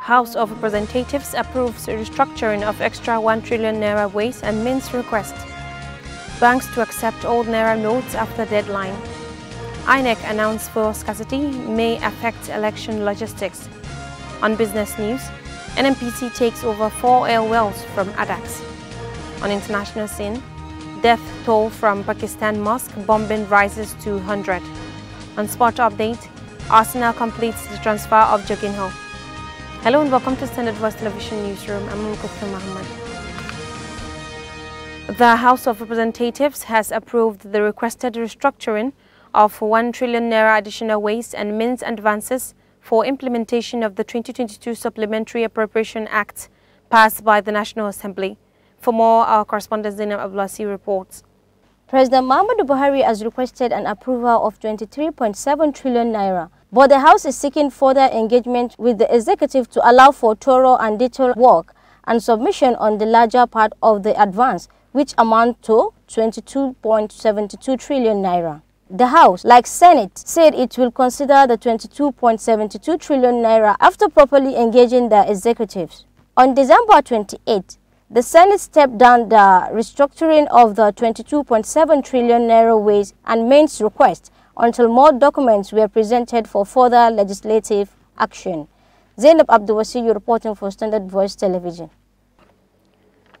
House of Representatives approves restructuring of extra 1 trillion naira waste and means request. Banks to accept old naira notes after deadline. INEC announced fuel scarcity may affect election logistics. On business news, NMPC takes over four oil wells from ADAX. On international scene, death toll from Pakistan mosque bombing rises to 100. On sport update, Arsenal completes the transfer of Jokinho. Hello and welcome to Standard Voice Television Newsroom. I'm Mukhtar Muhammad. The House of Representatives has approved the requested restructuring of 1 trillion naira additional waste and means advances for implementation of the 2022 Supplementary Appropriation Act passed by the National Assembly. For more, our correspondent Zainab Ablasi reports. President Muhammadu Buhari has requested an approval of 23.7 trillion naira but the House is seeking further engagement with the executive to allow for thorough and detailed work and submission on the larger part of the advance, which amount to 22.72 trillion naira. The House, like Senate, said it will consider the 22.72 trillion naira after properly engaging the executives. On December 28, the Senate stepped down the restructuring of the 22.7 trillion naira ways and mains request until more documents were presented for further legislative action. Zainab Abdulwasi, reporting for Standard Voice Television.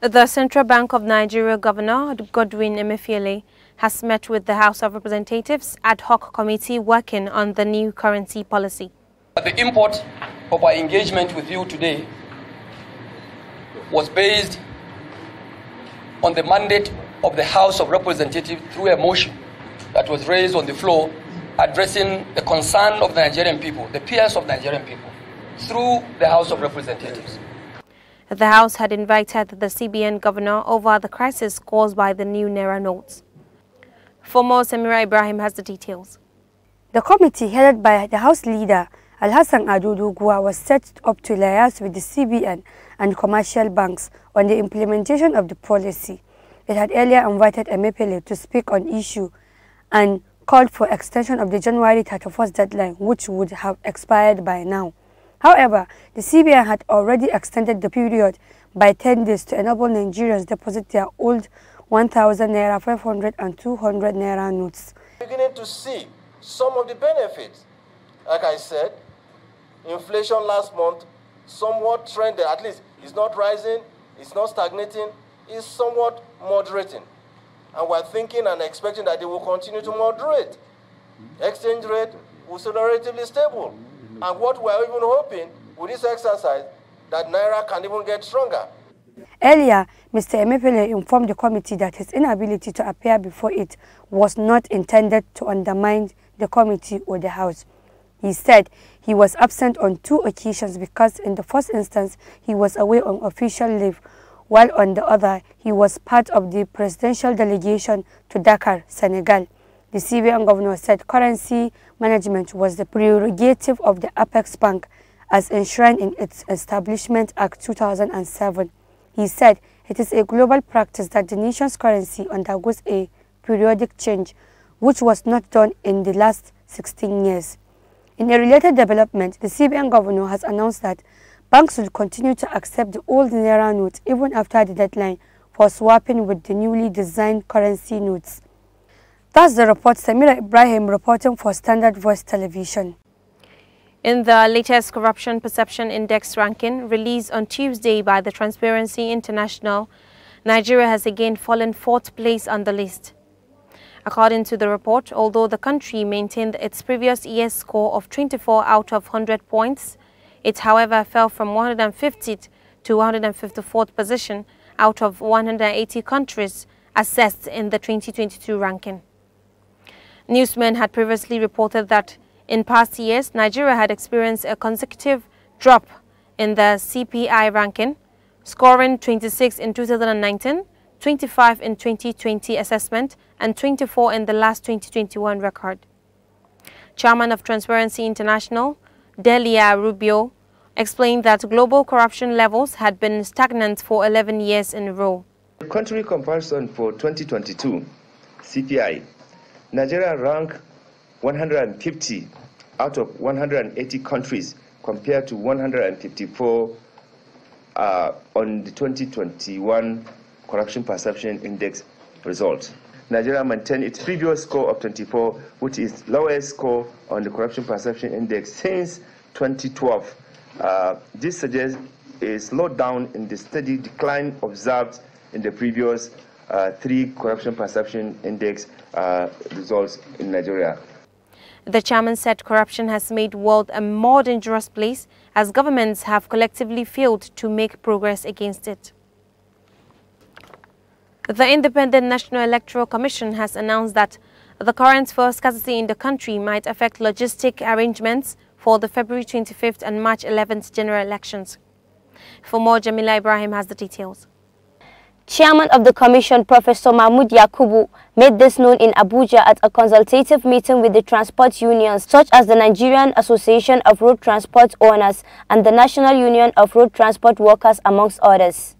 The Central Bank of Nigeria Governor Godwin Emefiele has met with the House of Representatives ad hoc committee working on the new currency policy. The import of our engagement with you today was based on the mandate of the House of Representatives through a motion that was raised on the floor addressing the concern of the Nigerian people, the peers of the Nigerian people, through the House of Representatives. The House had invited the CBN governor over the crisis caused by the new Naira notes. Former Samira Ibrahim has the details. The committee headed by the House Leader Al-Hassan Adudugwa was set up to liaise with the CBN and commercial banks on the implementation of the policy. It had earlier invited Emepele to speak on issue and called for extension of the January 31st deadline, which would have expired by now. However, the CBN had already extended the period by 10 days to enable Nigerians deposit their old 1,000 naira, 500 and 200 naira notes. Beginning to see some of the benefits. Like I said, inflation last month somewhat trended, at least it's not rising, it's not stagnating, it's somewhat moderating. And we're thinking and expecting that they will continue to moderate. Exchange rate will still relatively stable. And what we're even hoping with this exercise, that Naira can even get stronger. Earlier, Mr. Emefele informed the committee that his inability to appear before it was not intended to undermine the committee or the House. He said he was absent on two occasions because in the first instance he was away on official leave, while on the other he was part of the presidential delegation to Dakar, Senegal. The CBN governor said currency management was the prerogative of the Apex Bank as enshrined in its Establishment Act 2007. He said, it is a global practice that the nation's currency undergoes a periodic change, which was not done in the last 16 years. In a related development, the CBN governor has announced that banks will continue to accept the old Naira notes even after the deadline for swapping with the newly designed currency notes. That's the report, Samira Ibrahim reporting for Standard Voice Television. In the latest Corruption Perception Index ranking released on Tuesday by the Transparency International, Nigeria has again fallen fourth place on the list. According to the report, although the country maintained its previous year's score of 24 out of 100 points, it however fell from 150th to 154th position out of 180 countries assessed in the 2022 ranking. Newsmen had previously reported that in past years, Nigeria had experienced a consecutive drop in the CPI ranking, scoring 26 in 2019, 25 in 2020 assessment, and 24 in the last 2021 record. Chairman of Transparency International, Delia Rubio, explained that global corruption levels had been stagnant for 11 years in a row. Country comparison for 2022 CPI, Nigeria ranked 150 out of 180 countries compared to 154 uh, on the 2021 Corruption Perception Index result. Nigeria maintained its previous score of 24, which is lowest score on the Corruption Perception Index since 2012. Uh, this suggests a slowdown in the steady decline observed in the previous uh, three Corruption Perception Index uh, results in Nigeria. The chairman said corruption has made world a more dangerous place as governments have collectively failed to make progress against it. The Independent National Electoral Commission has announced that the current force scarcity in the country might affect logistic arrangements for the February 25th and March 11th general elections. For more, Jamila Ibrahim has the details. Chairman of the Commission, Professor Mahmoud Yakubu, made this known in Abuja at a consultative meeting with the transport unions such as the Nigerian Association of Road Transport Owners and the National Union of Road Transport Workers, amongst others.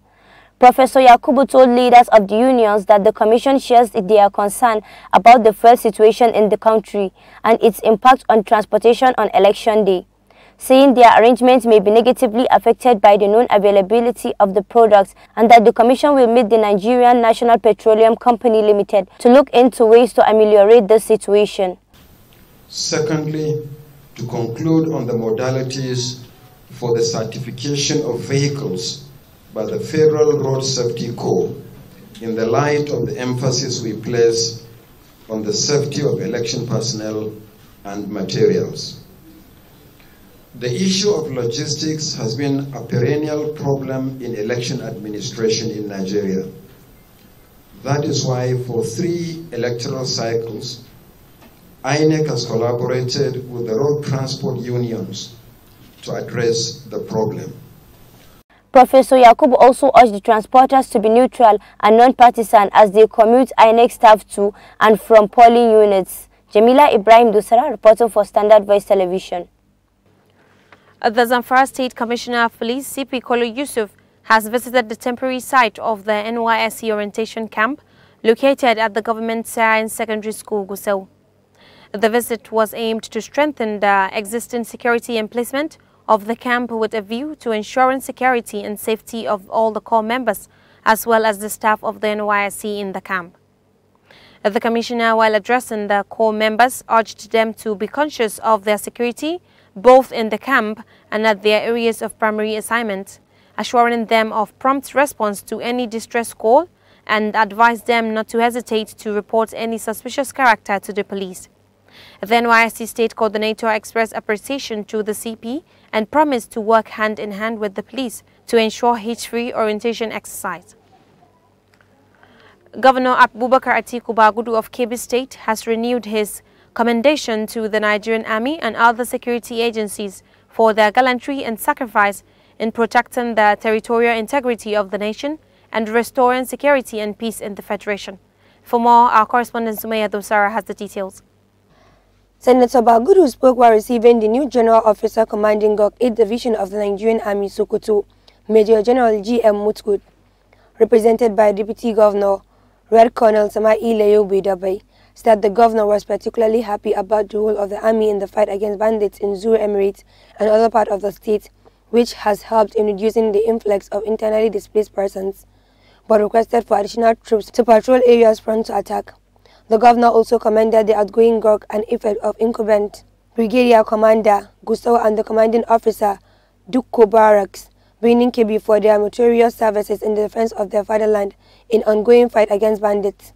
Professor Yakubu told leaders of the unions that the Commission shares their concern about the fuel situation in the country and its impact on transportation on election day saying their arrangements may be negatively affected by the non-availability of the products and that the Commission will meet the Nigerian National Petroleum Company Limited to look into ways to ameliorate the situation. Secondly, to conclude on the modalities for the certification of vehicles by the Federal Road Safety Corps, in the light of the emphasis we place on the safety of election personnel and materials. The issue of logistics has been a perennial problem in election administration in Nigeria. That is why for three electoral cycles, INEC has collaborated with the road transport unions to address the problem. Professor Yakub also urged the transporters to be neutral and non-partisan as they commute INEC staff to and from polling units. Jamila Ibrahim Dusara reporting for Standard Voice Television. The Zamfara State Commissioner of Police, CP Kolo Yusuf, has visited the temporary site of the NYSC orientation camp located at the government science secondary school, Gusau. The visit was aimed to strengthen the existing security and placement of the camp with a view to ensuring security and safety of all the core members as well as the staff of the NYSC in the camp. The commissioner, while addressing the core members, urged them to be conscious of their security both in the camp and at their areas of primary assignment, assuring them of prompt response to any distress call and advised them not to hesitate to report any suspicious character to the police. The NYSC State Coordinator expressed appreciation to the CP and promised to work hand in hand with the police to ensure hitch-free orientation exercise. Governor Abubakar Atiku Bagudu of Kebbi State has renewed his commendation to the Nigerian Army and other security agencies for their gallantry and sacrifice in protecting the territorial integrity of the nation and restoring security and peace in the Federation. For more, our correspondent Sumaya Dosara has the details. Senator Bagudu spoke while receiving the new General Officer commanding GOK 8 Division of the Nigerian Army Sokoto, Major General G.M. Mutkud, represented by Deputy Governor Red Colonel Samai Ileyo Bidabai said the governor was particularly happy about the role of the army in the fight against bandits in Zuru Emirate and other parts of the state, which has helped in reducing the influx of internally displaced persons, but requested for additional troops to patrol areas prone to attack. The governor also commended the outgoing Gok and effort of incumbent Brigadier Commander Gustavo and the commanding officer Duko Barracks, bringing KB for their meritorious services in the defense of their fatherland in ongoing fight against bandits.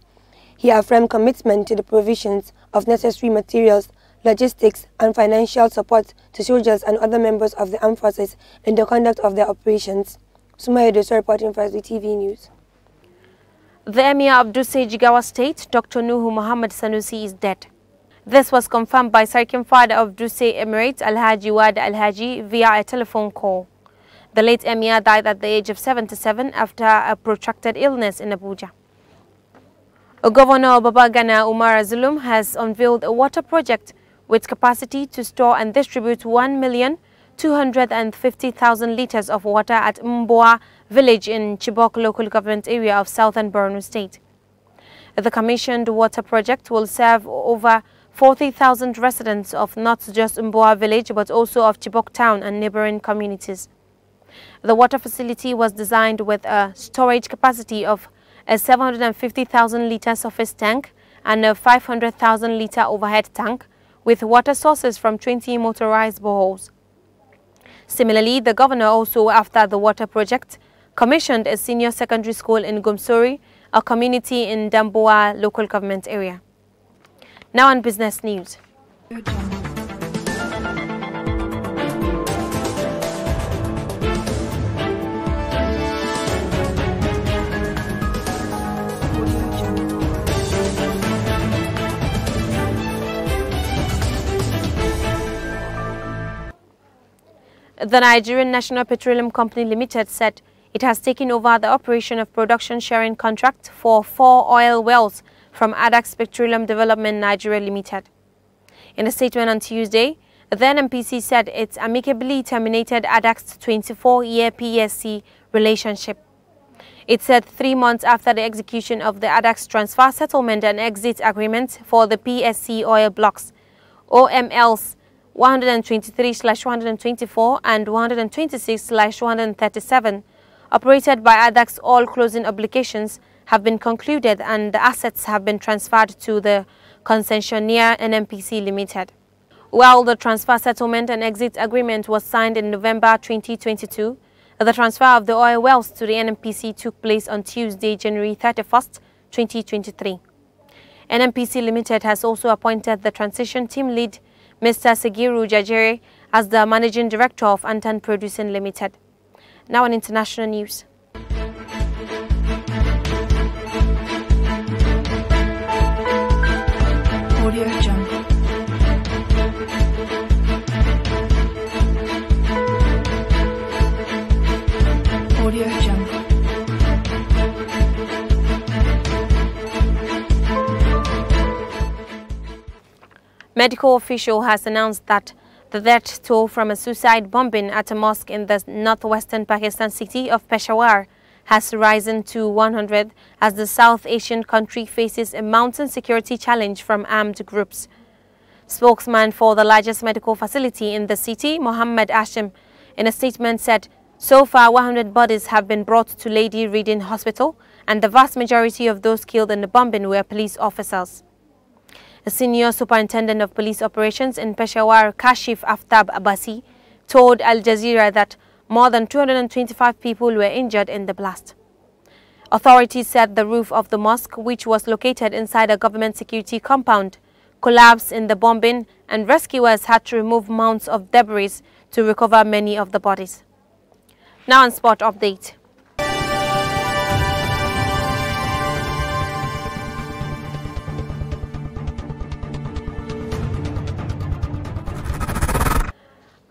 He affirmed commitment to the provisions of necessary materials, logistics and financial support to soldiers and other members of the armed forces in the conduct of their operations. Sumaya Dosa reporting for TV News. The Emir of Duse Jigawa State, Dr. Nuhu Muhammad Sanusi is dead. This was confirmed by second father of Duse Emirate Alhaji Wad Alhaji via a telephone call. The late Emir died at the age of 77 after a protracted illness in Abuja. Governor Babagana Umar Azulum has unveiled a water project with capacity to store and distribute 1,250,000 litres of water at Mboa village in Chibok local government area of southern Borno state. The commissioned water project will serve over 40,000 residents of not just Mboa village but also of Chibok town and neighboring communities. The water facility was designed with a storage capacity of a 750,000 litre surface tank and a 500,000 litre overhead tank with water sources from 20 motorized boreholes. Similarly, the governor also, after the water project, commissioned a senior secondary school in Gumsuri, a community in Damboa local government area. Now on business news. The Nigerian National Petroleum Company Limited said it has taken over the operation of production sharing contract for four oil wells from Adax Petroleum Development Nigeria Limited. In a statement on Tuesday, then MPC said it amicably terminated Adax's 24-year PSC relationship. It said three months after the execution of the ADAX transfer settlement and exit agreement for the PSC oil blocks, OMLs 123-124 and 126-137, operated by ADAX, all closing obligations have been concluded and the assets have been transferred to the concessionaire NMPC Limited. While the transfer settlement and exit agreement was signed in November 2022, the transfer of the oil wells to the NMPC took place on Tuesday, January 31, 2023. NMPC Limited has also appointed the transition team lead Mr. Segiru Jajere as the Managing Director of Antan Producing Limited. Now on international news. medical official has announced that the death toll from a suicide bombing at a mosque in the northwestern Pakistan city of Peshawar has risen to 100 as the South Asian country faces a mounting security challenge from armed groups. Spokesman for the largest medical facility in the city, Mohammed Ashim, in a statement said, so far 100 bodies have been brought to Lady Reading Hospital and the vast majority of those killed in the bombing were police officers. The senior superintendent of police operations in Peshawar, Kashif Aftab Abbasi, told Al Jazeera that more than 225 people were injured in the blast. Authorities said the roof of the mosque, which was located inside a government security compound, collapsed in the bombing and rescuers had to remove mounds of debris to recover many of the bodies. Now on sport update.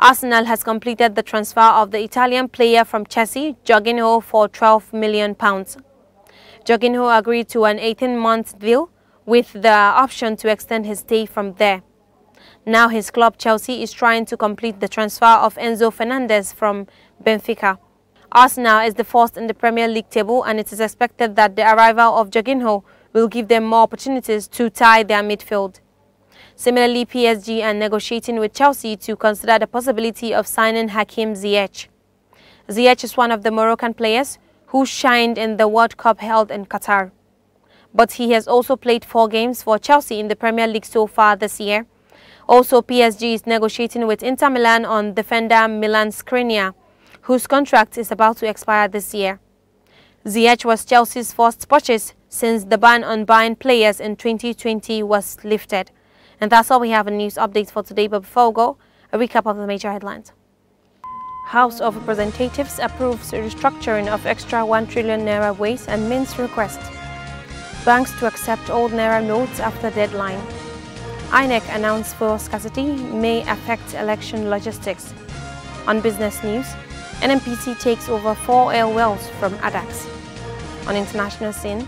Arsenal has completed the transfer of the Italian player from Chelsea, Jorginho, for £12 million. Jorginho agreed to an 18-month deal with the option to extend his stay from there. Now his club Chelsea is trying to complete the transfer of Enzo Fernandez from Benfica. Arsenal is the first in the Premier League table and it is expected that the arrival of Jorginho will give them more opportunities to tie their midfield. Similarly, PSG are negotiating with Chelsea to consider the possibility of signing Hakim Ziyech. Ziyech is one of the Moroccan players who shined in the World Cup held in Qatar. But he has also played four games for Chelsea in the Premier League so far this year. Also, PSG is negotiating with Inter Milan on defender Milan Skriniar, whose contract is about to expire this year. Ziyech was Chelsea's first purchase since the ban on buying players in 2020 was lifted. And that's all we have in news updates for today, but before we go, a recap of the major headlines. House of Representatives approves restructuring of extra 1 trillion naira waste and mints request. Banks to accept old naira notes after deadline. INEC announced fuel scarcity may affect election logistics. On business news, NMPC takes over four oil wells from ADAX. On international scene,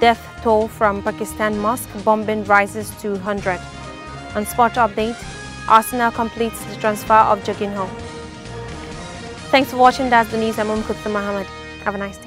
death toll from Pakistan mosque bombing rises to 100. On sport update, Arsenal completes the transfer of Jorginho. Thanks for watching. That's the news. I'm Um Mohamed. Have a nice day.